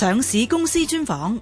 上市公司專訪。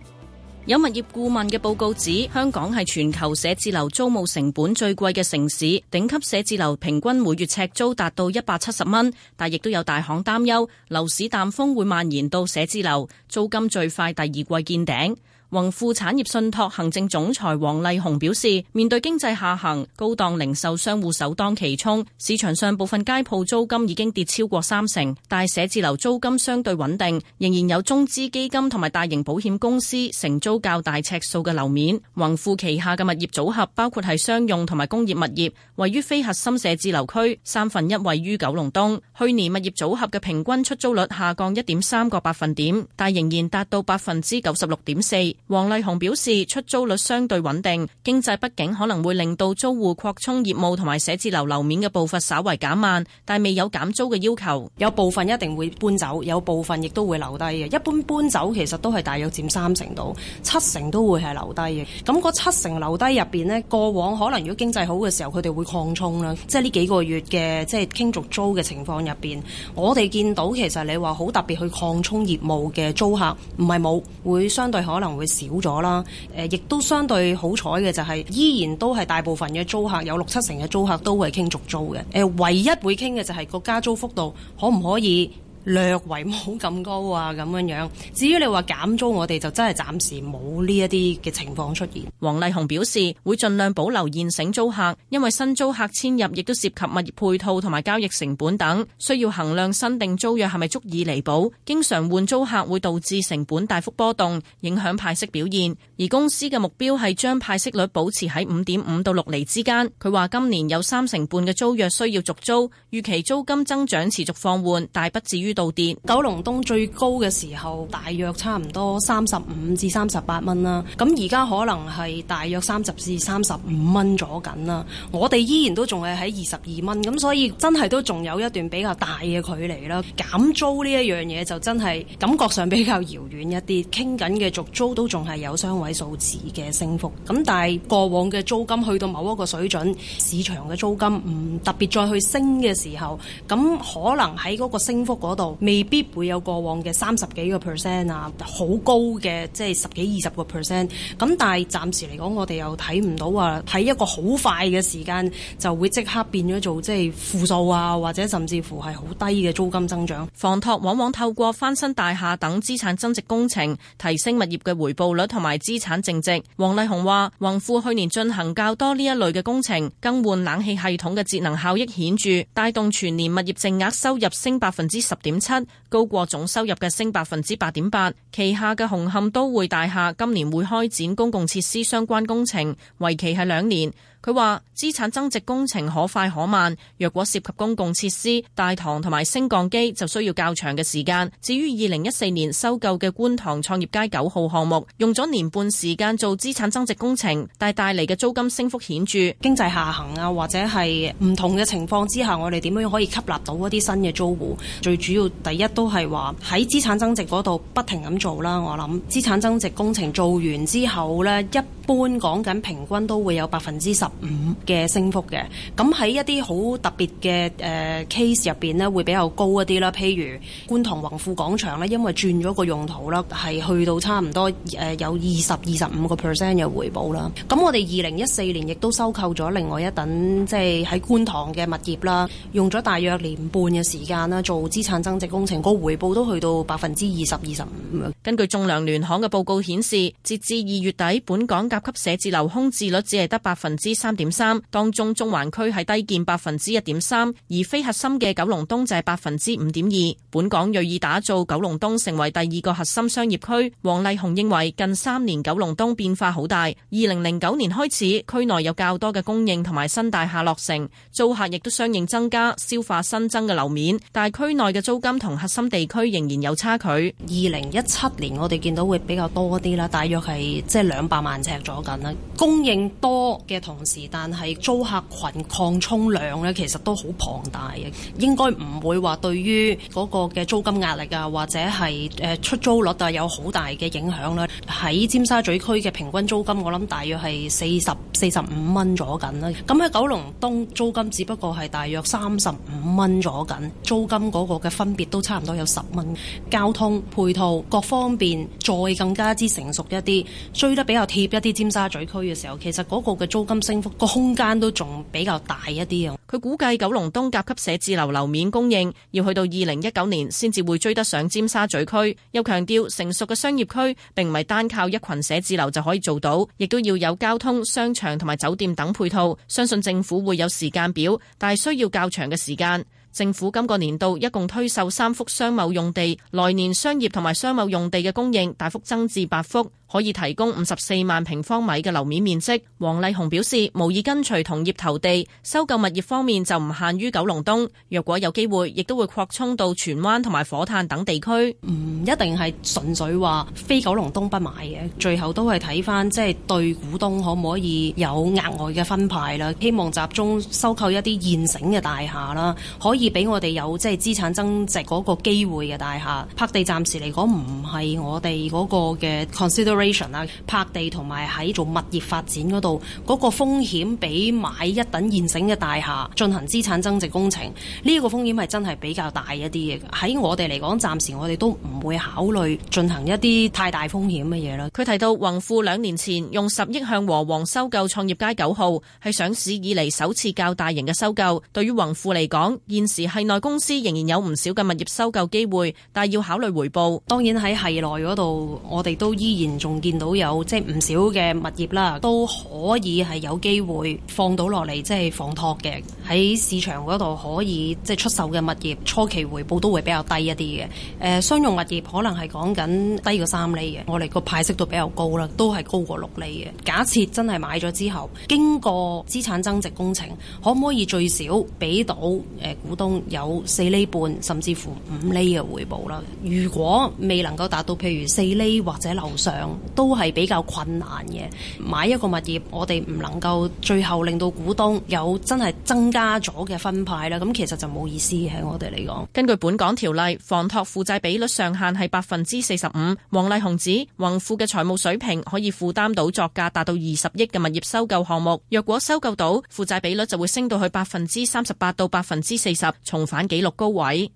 有物業顧問嘅報告指，香港係全球寫字樓租務成本最貴嘅城市，頂級寫字樓平均每月尺租達到一百七十蚊，但亦都有大行擔憂，樓市淡風會蔓延到寫字樓，租金最快第二季見頂。泓富產業信託行政總裁黃麗虹表示，面對經濟下行，高檔零售商戶首當其衝。市場上部分街鋪租金已經跌超過三成，但寫字樓租金相對穩定，仍然有中資基金同埋大型保險公司承租較大尺數嘅樓面。泓富旗下嘅物業組合包括係商用同埋工業物業，位於非核心寫字樓區，三分一位於九龍東。去年物業組合嘅平均出租率下降一點三個百分點，但仍然達到百分之九十六點四。黃麗虹表示，出租率相對穩定，經濟不景可能會令到租戶擴充業務同埋寫字樓樓面嘅步伐稍為減慢，但未有減租嘅要求。有部分一定會搬走，有部分亦都會留低嘅。一般搬走其實都係大約佔三成度，七成都會係留低嘅。咁嗰七成留低入邊呢，過往可能如果經濟好嘅時候，佢哋會擴充啦。即係呢幾個月嘅即係傾續租嘅情況入邊，我哋見到其實你話好特別去擴充業務嘅租客唔係冇，會相對可能會。少咗啦，誒，亦都相對好彩嘅就係依然都係大部分嘅租客，有六七成嘅租客都會傾續租嘅，誒，唯一會傾嘅就係個加租幅度可唔可以？略為冇咁高啊，咁樣樣。至於你話減租我，我哋就真係暫時冇呢一啲嘅情況出現。黃麗虹表示會盡量保留現成租客，因為新租客遷入亦都涉及物業配套同埋交易成本等，需要衡量新定租約係咪足以彌補。經常換租客會導致成本大幅波動，影響派息表現。而公司嘅目標係將派息率保持喺五點五到六厘之間。佢話今年有三成半嘅租約需要續租，預期租金增長持續放緩，大不至於。主導跌，九龍東最高嘅時候大約差唔多三十五至三十八蚊啦，咁而家可能係大約三十至三十五蚊咗緊啦。我哋依然都仲係喺二十二蚊，咁所以真係都仲有一段比較大嘅距離啦。減租呢一樣嘢就真係感覺上比較遙遠一啲，傾緊嘅續租都仲係有雙位數字嘅升幅，咁但係過往嘅租金去到某一個水準，市場嘅租金唔特別再去升嘅時候，咁可能喺嗰個升幅嗰。未必會有過往嘅三十幾個 percent 啊，好高嘅即係十幾二十個 percent。咁但係暫時嚟講，我哋又睇唔到啊，喺一個好快嘅時間就會即刻變咗做即係負數啊，或者甚至乎係好低嘅租金增長。房託往往透過翻新大廈等資產增值工程，提升物業嘅回報率同埋資產淨值。黃麗虹話：泓富去年進行較多呢一類嘅工程，更換冷氣系統嘅節能效益顯著，帶動全年物業淨額收入升百分之十點七，高過總收入嘅升百分之八點八。旗下嘅紅磡都會大廈今年會開展公共設施相關工程，為期係兩年。佢話：資產增值工程可快可慢，若果涉及公共設施、大堂同埋升降機，就需要較長嘅時間。至於二零一四年收購嘅觀塘創業街九號項目，用咗年半時間做資產增值工程，但係帶嚟嘅租金升幅顯著。經濟下行啊，或者係唔同嘅情況之下，我哋點樣可以吸納到嗰啲新嘅租戶？最主要第一都係話喺資產增值嗰度不停咁做啦。我諗資產增值工程做完之後呢，一般講緊平均都會有百分之十。五嘅升幅嘅，咁喺一啲好特別嘅、呃、case 入面呢，會比較高一啲啦。譬如觀塘宏富廣場呢，因為轉咗個用途啦，係去到差唔多有二十、二十五個 percent 嘅回報啦。咁我哋二零一四年亦都收購咗另外一等，即係喺觀塘嘅物業啦，用咗大約年半嘅時間啦，做資產增值工程，個回報都去到百分之二十、二十五。根據仲量聯行嘅報告顯示，截至二月底，本港甲級寫字樓空置率只係得百分之。三點三，當中中環區係低見百分之一點三，而非核心嘅九龍東就係百分之五點二。本港銳意打造九龍東成為第二個核心商業區。黃麗虹認為近三年九龍東變化好大，二零零九年開始區內有較多嘅供應同埋新大廈落成，租客亦都相應增加消化新增嘅樓面，但係區內嘅租金同核心地區仍然有差距。二零一七年我哋見到會比較多啲啦，大約係即係兩百萬尺左右啦，供應多嘅同。但係租客群擴充量呢其實都好龐大嘅，應該唔會話對於嗰個嘅租金壓力啊，或者係出租率啊，有好大嘅影響啦。喺尖沙咀區嘅平均租金，我諗大約係四十四十五蚊左右啦。咁喺九龍東租金，只不過係大約三十五蚊左右，租金嗰個嘅分別都差唔多有十蚊。交通配套各方面再更加之成熟一啲，追得比較貼一啲尖沙咀區嘅時候，其實嗰個嘅租金升個空間都仲比較大一啲啊。佢估計九龍東甲級寫字樓樓面供應要去到二零一九年先至會追得上尖沙咀區。又強調成熟嘅商業區並唔係單靠一群寫字樓就可以做到，亦都要有交通、商場同埋酒店等配套。相信政府會有時間表，但係需要較長嘅時間。政府今個年度一共推售三幅商貿用地，來年商業同埋商貿用地嘅供應大幅增至八幅。可以提供五十四萬平方米嘅樓面面積，黃麗虹表示，無意跟隨同業投地，收購物業方面就唔限於九龍東，若果有機會亦都會擴充到荃灣同埋火炭等地區，唔一定係純粹話非九龍東不買嘅，最後都係睇翻即係對股東可唔可以有額外嘅分派啦。希望集中收購一啲現成嘅大廈啦，可以俾我哋有即係資產增值嗰個機會嘅大廈。拍地暫時嚟講唔係我哋嗰個嘅 consider。啦，拍地同埋喺做物業發展嗰度，嗰個風險比買一等現成嘅大廈進行資產增值工程呢個風險係真係比較大一啲嘅。喺我哋嚟講，暫時我哋都唔會考慮進行一啲太大風險嘅嘢啦。佢提到泓富兩年前用十億向和黃收購創業街九號，係上市以嚟首次較大型嘅收購。對於泓富嚟講，現時系內公司仍然有唔少嘅物業收購機會，但係要考慮回報。當然喺系內嗰度，我哋都依然做。仲見到有即係唔少嘅物業啦，都可以係有機會放到落嚟，即係放托嘅喺市場嗰度可以即係出售嘅物業，初期回報都會比較低一啲嘅。誒商用物業可能係講緊低過三厘嘅，我哋個派息都比較高啦，都係高過六厘嘅。假設真係買咗之後，經過資產增值工程，可唔可以最少俾到誒股東有四厘半，甚至乎五厘嘅回報啦？如果未能夠達到，譬如四厘或者樓上。都係比較困難嘅，買一個物業，我哋唔能夠最後令到股東有真係增加咗嘅分派啦。咁其實就冇意思喺我哋嚟講。根據本港條例，房託負債比率上限係百分之四十五。黃麗虹指泓富嘅財務水平可以負擔到作價達到二十億嘅物業收購項目。若果收購到，負債比率就會升到去百分之三十八到百分之四十，重返紀錄高位。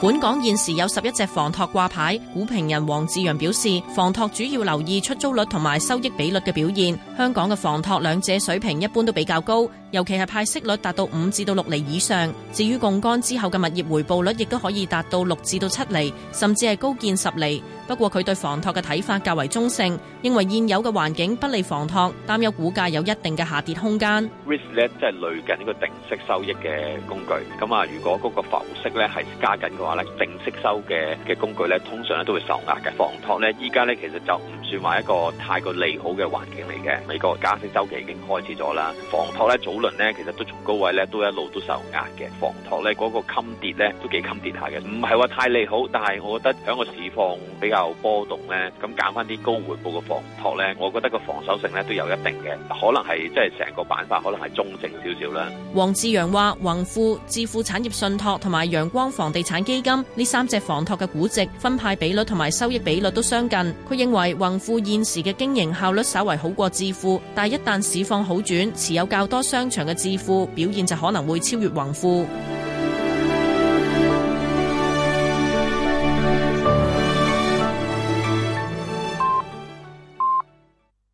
本港現時有十一隻房託掛牌，股評人黃志陽表示，房託主要留意出租率同埋收益比率嘅表現。香港嘅房託兩者水平一般都比較高，尤其係派息率達到五至到六厘以上。至於槓桿之後嘅物業回報率，亦都可以達到六至到七厘，甚至係高見十厘。不過佢對房託嘅睇法較為中性，認為現有嘅環境不利房託，擔憂股價有一定嘅下跌空間。Risk 咧即係累緊個定息收益嘅工具，咁啊，如果嗰個浮息咧係加緊個。話咧正式收嘅嘅工具咧，通常咧都會受壓嘅房託咧，依家咧其實就。算埋一個太過利好嘅環境嚟嘅，美國加息週期已經開始咗啦。房託咧，早輪呢其實都從高位咧，都一路都受壓嘅。房託咧，嗰、那個襟跌咧，都幾襟跌下嘅。唔係話太利好，但係我覺得喺個市況比較波動咧，咁揀翻啲高回報嘅房託咧，我覺得個防守性咧都有一定嘅，可能係即係成個板塊可能係中性少少啦。黃志陽話：泓富、置富產業信託同埋陽光房地產基金呢三隻房託嘅估值分派比率同埋收益比率都相近，佢認為泓富現時嘅經營效率稍為好過置富，但一旦市況好轉，持有較多商場嘅置富表現就可能會超越宏富。